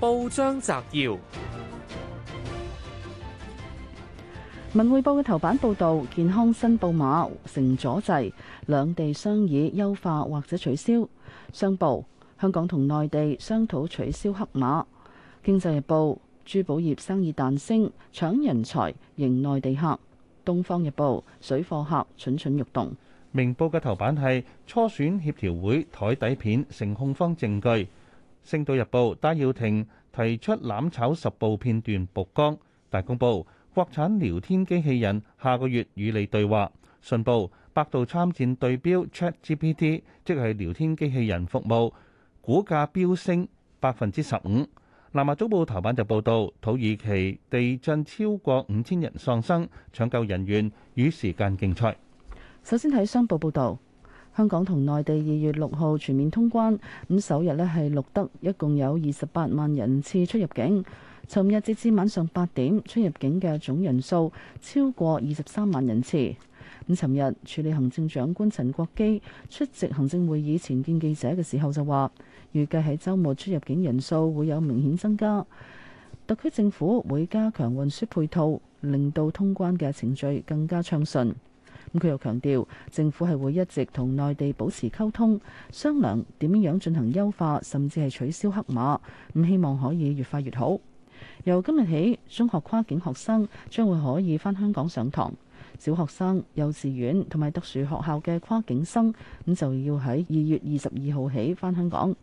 報章摘要：《文匯報》嘅頭版報道，健康申報碼成阻滯，兩地商議優化或者取消。商報：香港同內地商討取消黑碼。《經濟日報》：珠寶業生意彈升，搶人才迎內地客。《東方日報》：水貨客蠢蠢蠢欲動。《明報》嘅頭版係初選協調會台底片成控方證據。《星島日報》戴耀廷提出攬炒十部片段曝光，大公報國產聊天機器人下個月與你對話，信報百度參戰對標 ChatGPT，即係聊天機器人服務，股價飆升百分之十五。南亞早報頭版就報道土耳其地震超過五千人喪生，搶救人員與時間競賽。首先睇商報報道。香港同內地二月六號全面通關，咁首日呢係錄得一共有二十八萬人次出入境。尋日截至晚上八點，出入境嘅總人數超過二十三萬人次。咁尋日署理行政長官陳國基出席行政會議前見記者嘅時候就話，預計喺周末出入境人數會有明顯增加，特區政府會加強運輸配套，令到通關嘅程序更加暢順。咁佢又強調，政府係會一直同內地保持溝通，商量點樣進行優化，甚至係取消黑馬。咁希望可以越快越好。由今日起，中學跨境學生將會可以返香港上堂，小學生、幼稚園同埋特殊學校嘅跨境生咁就要喺二月二十二號起返香港。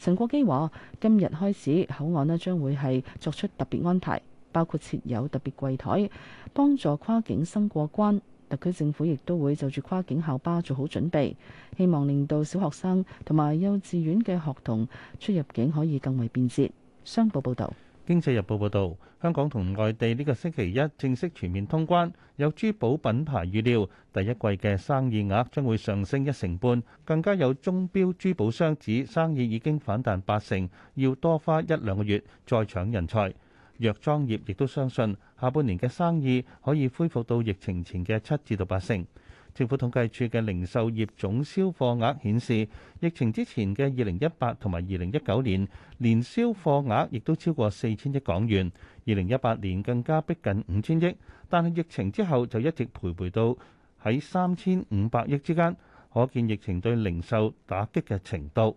陳國基話：今日開始口岸呢，將會係作出特別安排，包括設有特別櫃台，幫助跨境生過關。特區政府亦都會就住跨境校巴做好準備，希望令到小學生同埋幼稚園嘅學童出入境可以更為便捷。商報報導，《經濟日報》報導，香港同外地呢個星期一正式全面通關，有珠寶品牌預料第一季嘅生意額將會上升一成半，更加有鐘錶珠寶商指生意已經反彈八成，要多花一兩個月再搶人才。藥妝業亦都相信。下半年嘅生意可以恢復到疫情前嘅七至到八成。政府統計處嘅零售業總銷貨額顯示，疫情之前嘅二零一八同埋二零一九年年銷貨額亦都超過四千億港元，二零一八年更加逼近五千億，但係疫情之後就一直徘徊到喺三千五百億之間，可見疫情對零售打擊嘅程度。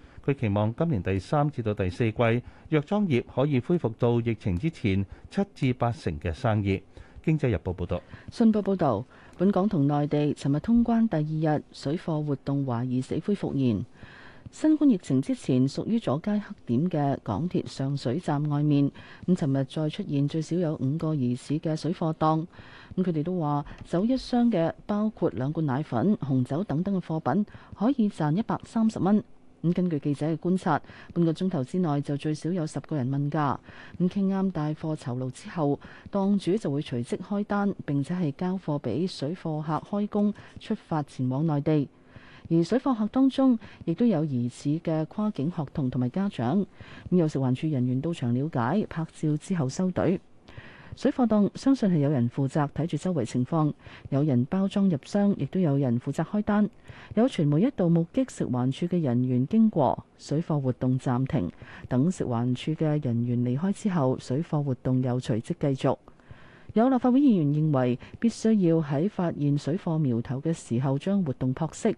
佢期望今年第三至到第四季藥妝業可以恢復到疫情之前七至八成嘅生意。經濟日報報道，信報報道，本港同內地尋日通關第二日，水貨活動懷疑死灰復燃。新冠疫情之前屬於阻街黑點嘅港鐵上水站外面，咁尋日再出現最少有五個疑似嘅水貨檔，咁佢哋都話走一箱嘅包括兩罐奶粉、紅酒等等嘅貨品，可以賺一百三十蚊。咁根據記者嘅觀察，半個鐘頭之內就最少有十個人問價。咁傾啱帶貨酬勞之後，檔主就會隨即開單，並且係交貨俾水貨客開工出發前往內地。而水貨客當中，亦都有疑似嘅跨境學童同埋家長。咁有食環署人員到場了解、拍照之後收隊。水貨檔相信係有人負責睇住周圍情況，有人包裝入箱，亦都有人負責開單。有傳媒一度目擊食環署嘅人員經過，水貨活動暫停，等食環署嘅人員離開之後，水貨活動又隨即繼續。有立法會議員認為必須要喺發現水貨苗頭嘅時候將活動撲熄。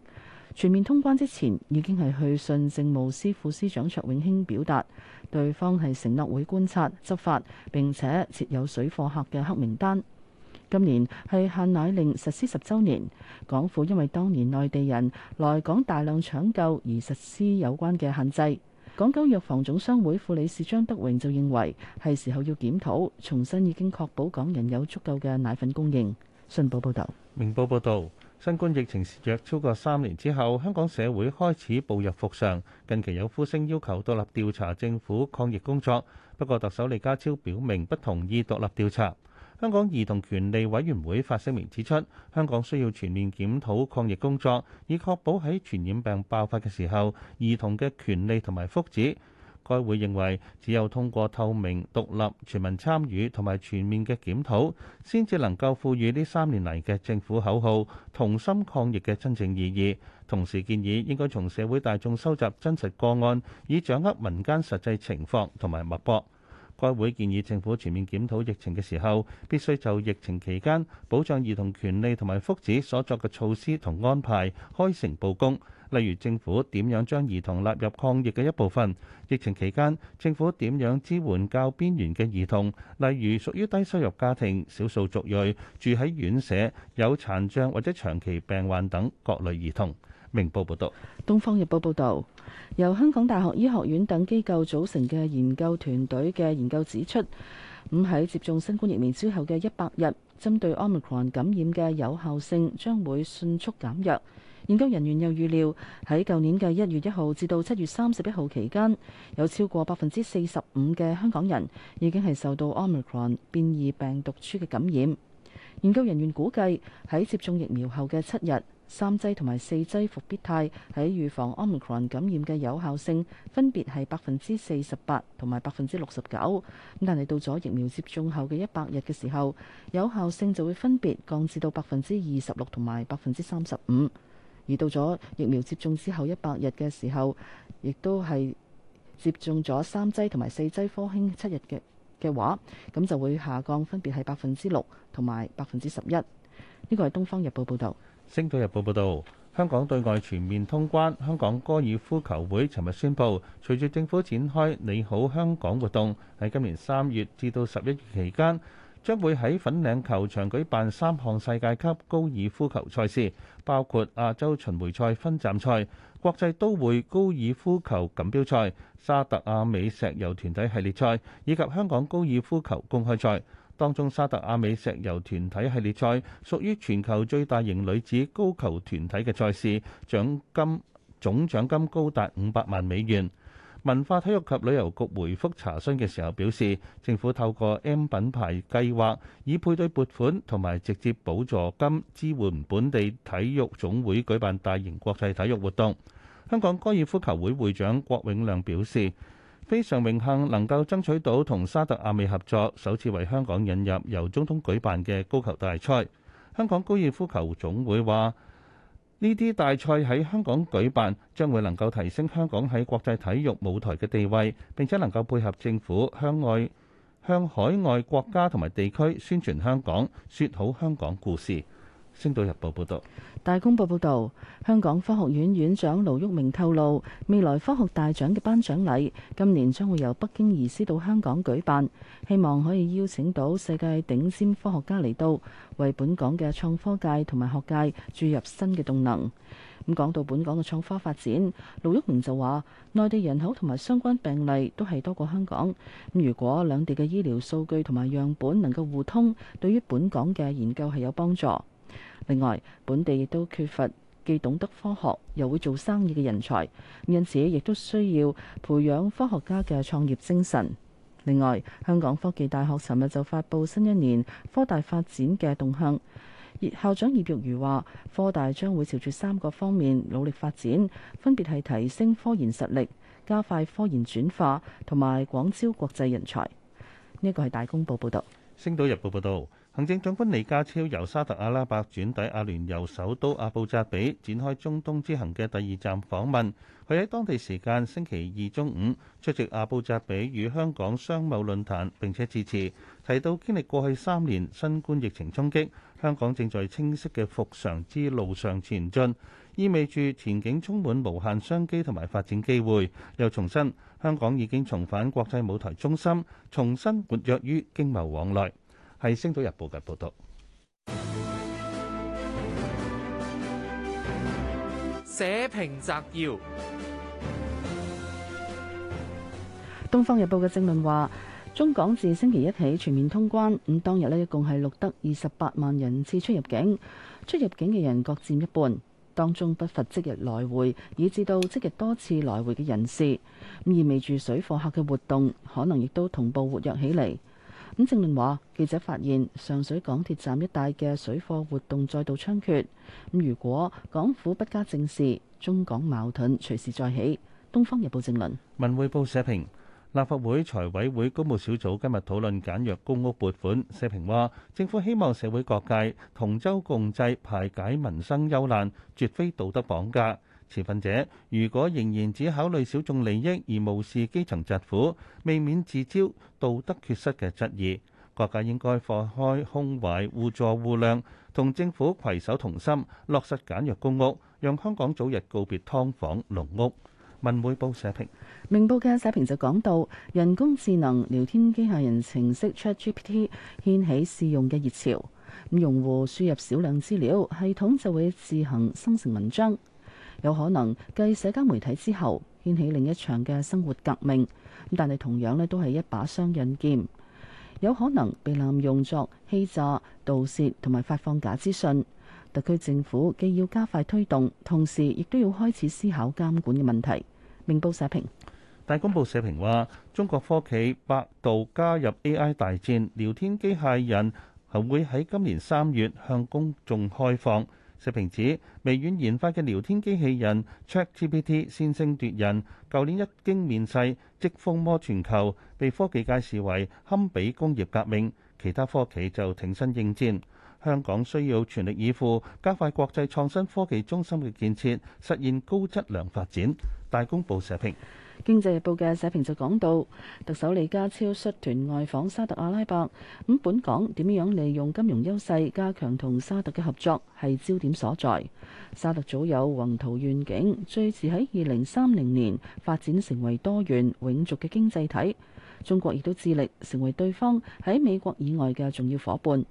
全面通關之前，已經係去信政務司副司長卓永興表達對方係承諾會觀察執法，並且設有水貨客嘅黑名單，今年係限奶令實施十周年，港府因為當年內地人來港大量搶購而實施有關嘅限制。港九藥房總商會副理事張德榮就認為係時候要檢討重新已經確保港人有足夠嘅奶粉供應，信報報道明報報道。新冠疫情肆虐超過三年之後，香港社會開始步入復常。近期有呼聲要求獨立調查政府抗疫工作，不過特首李家超表明不同意獨立調查。香港兒童權利委員會發聲明指出，香港需要全面檢討抗疫工作，以確保喺傳染病爆發嘅時候，兒童嘅權利同埋福祉。該會認為，只有通過透明、獨立、全民參與同埋全面嘅檢討，先至能夠賦予呢三年嚟嘅政府口號「同心抗疫」嘅真正意義。同時建議，應該從社會大眾收集真實個案，以掌握民間實際情況同埋脈搏。該會建議政府全面檢討疫情嘅時候，必須就疫情期間保障兒童權利同埋福祉所作嘅措施同安排，開誠布公。例如政府點樣將兒童納入抗疫嘅一部分，疫情期間政府點樣支援較邊緣嘅兒童，例如屬於低收入家庭、少數族裔、住喺院舍、有殘障或者長期病患等各類兒童。明報報道。《東方日報》報道，由香港大學醫學院等機構組成嘅研究團隊嘅研究指出，咁喺接種新冠疫苗之後嘅一百日，針對 Omicron 感染嘅有效性將會迅速減弱。研究人員又預料喺舊年嘅一月一號至到七月三十一號期間，有超過百分之四十五嘅香港人已經係受到 Omicron 變異病毒株嘅感染。研究人員估計喺接種疫苗後嘅七日，三劑同埋四劑復必泰喺預防 Omicron 感染嘅有效性分別係百分之四十八同埋百分之六十九。咁但係到咗疫苗接種後嘅一百日嘅時候，有效性就會分別降至到百分之二十六同埋百分之三十五。而到咗疫苗接種之後一百日嘅時候，亦都係接種咗三劑同埋四劑科興七日嘅嘅話，咁就會下降，分別係百分之六同埋百分之十一。呢個係《東方日報》報道，《星島日報》報導，香港對外全面通關。香港高爾夫球會尋日宣布，隨住政府展開「你好香港」活動，喺今年三月至到十一月期間，將會喺粉嶺球場舉辦三項世界級高爾夫球賽事，包括亞洲巡迴賽分站賽、國際都會高爾夫球錦標賽、沙特阿美石油團體系列賽以及香港高爾夫球公開賽。當中，沙特阿美石油團體系列賽屬於全球最大型女子高球團體嘅賽事，獎金總獎金高達五百萬美元。文化體育及旅游局回覆查詢嘅時候表示，政府透過 M 品牌計劃，以配對撥款同埋直接補助金支援本地體育總會舉辦大型國際體育活動。香港高爾夫球會會長郭永亮表示，非常榮幸能夠爭取到同沙特阿美合作，首次為香港引入由中東舉辦嘅高球大賽。香港高爾夫球總會話。呢啲大賽喺香港舉辦，將會能夠提升香港喺國際體育舞台嘅地位，並且能夠配合政府向外向海外國家同埋地區宣傳香港，說好香港故事。星島日報報道，大公報報道，香港科學院院長盧煜明透露，未來科學大獎嘅頒獎禮今年將會由北京移師到香港舉辦，希望可以邀請到世界頂尖科學家嚟到，為本港嘅創科界同埋學界注入新嘅動能。咁講到本港嘅創科發展，盧煜明就話，內地人口同埋相關病例都係多過香港，咁如果兩地嘅醫療數據同埋樣本能夠互通，對於本港嘅研究係有幫助。另外，本地亦都缺乏既懂得科學又會做生意嘅人才，因此亦都需要培養科學家嘅創業精神。另外，香港科技大學尋日就發布新一年科大發展嘅動向。葉校長葉玉如話科大將會朝住三個方面努力發展，分別係提升科研實力、加快科研轉化同埋廣招國際人才。呢、這個係大公報報道，星島日報報道。行政長官李家超由沙特阿拉伯轉抵阿聯酋首都阿布扎比，展開中東之行嘅第二站訪問。佢喺當地時間星期二中午出席阿布扎比與香港商貿論壇，並且致辭，提到經歷過去三年新冠疫情衝擊，香港正在清晰嘅復常之路上前進，意味住前景充滿無限商機同埋發展機會。又重申香港已經重返國際舞台中心，重新活躍於經貿往來。係《星島日報》嘅報道，社評摘要：《東方日報》嘅政論話，中港自星期一起全面通關，咁當日咧一共係錄得二十八萬人次出入境，出入境嘅人各占一半，當中不乏即日來回，以至到即日多次來回嘅人士，咁意味住水貨客嘅活動，可能亦都同步活躍起嚟。咁正論話，記者發現上水港鐵站一帶嘅水貨活動再度猖獗。咁如果港府不加正視，中港矛盾隨時再起。《東方日報》正論。文匯報社評，立法會財委會公務小組今日討論簡約公屋撥款，社評話，政府希望社會各界同舟共濟，排解民生憂難，絕非道德綁架。持份者如果仍然只考慮小眾利益而無視基層疾苦，未免自招道德缺失嘅質疑。各界應該放開胸懷，互助互諒，同政府攜手同心，落實簡約公屋，讓香港早日告別劏房、籠屋。文匯報社評。明報嘅社評就講到，人工智能聊天機械人程式 ChatGPT 掀起試用嘅熱潮，咁用戶輸入少量資料，系統就會自行生成文章。有可能繼社交媒體之後掀起另一場嘅生活革命，咁但係同樣咧都係一把雙刃劍，有可能被濫用作欺詐、盜竊同埋發放假資訊。特區政府既要加快推動，同時亦都要開始思考監管嘅問題。明報社評大公報社評話，中國科企百度加入 AI 大戰，聊天機械人係會喺今年三月向公眾開放。社評指，微軟研發嘅聊天機器人 ChatGPT 先聲奪人，舊年一經面世即風靡全球，被科技界視為堪比工業革命，其他科企就挺身應戰。香港需要全力以赴加快國際創新科技中心嘅建設，實現高質量發展。大公報社評。經濟日報嘅社評就講到，特首李家超率團外訪沙特阿拉伯。咁本港點樣利用金融優勢加強同沙特嘅合作，係焦點所在。沙特早有宏圖願景，最遲喺二零三零年發展成為多元永續嘅經濟體。中國亦都致力成為對方喺美國以外嘅重要伙伴。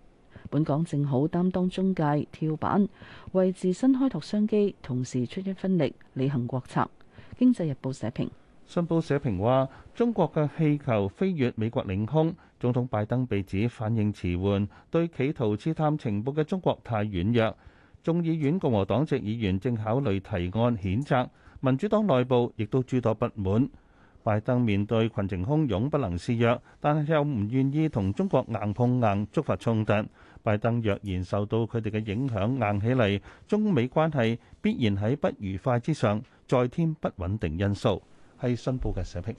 本港正好擔當中介、跳板，為自身開拓商機，同時出一分力，履行國策。經濟日報社評。信報社評話：中國嘅氣球飛越美國領空，總統拜登被指反應遲緩，對企圖刺探情報嘅中國太軟弱。眾議院共和黨籍議員正考慮提案譴責，民主黨內部亦都諸多不滿。拜登面對群情洶湧，不能示弱，但係又唔願意同中國硬碰硬，觸發衝突。拜登若然受到佢哋嘅影響，硬起嚟，中美關係必然喺不愉快之上再添不穩定因素。係信報嘅社評。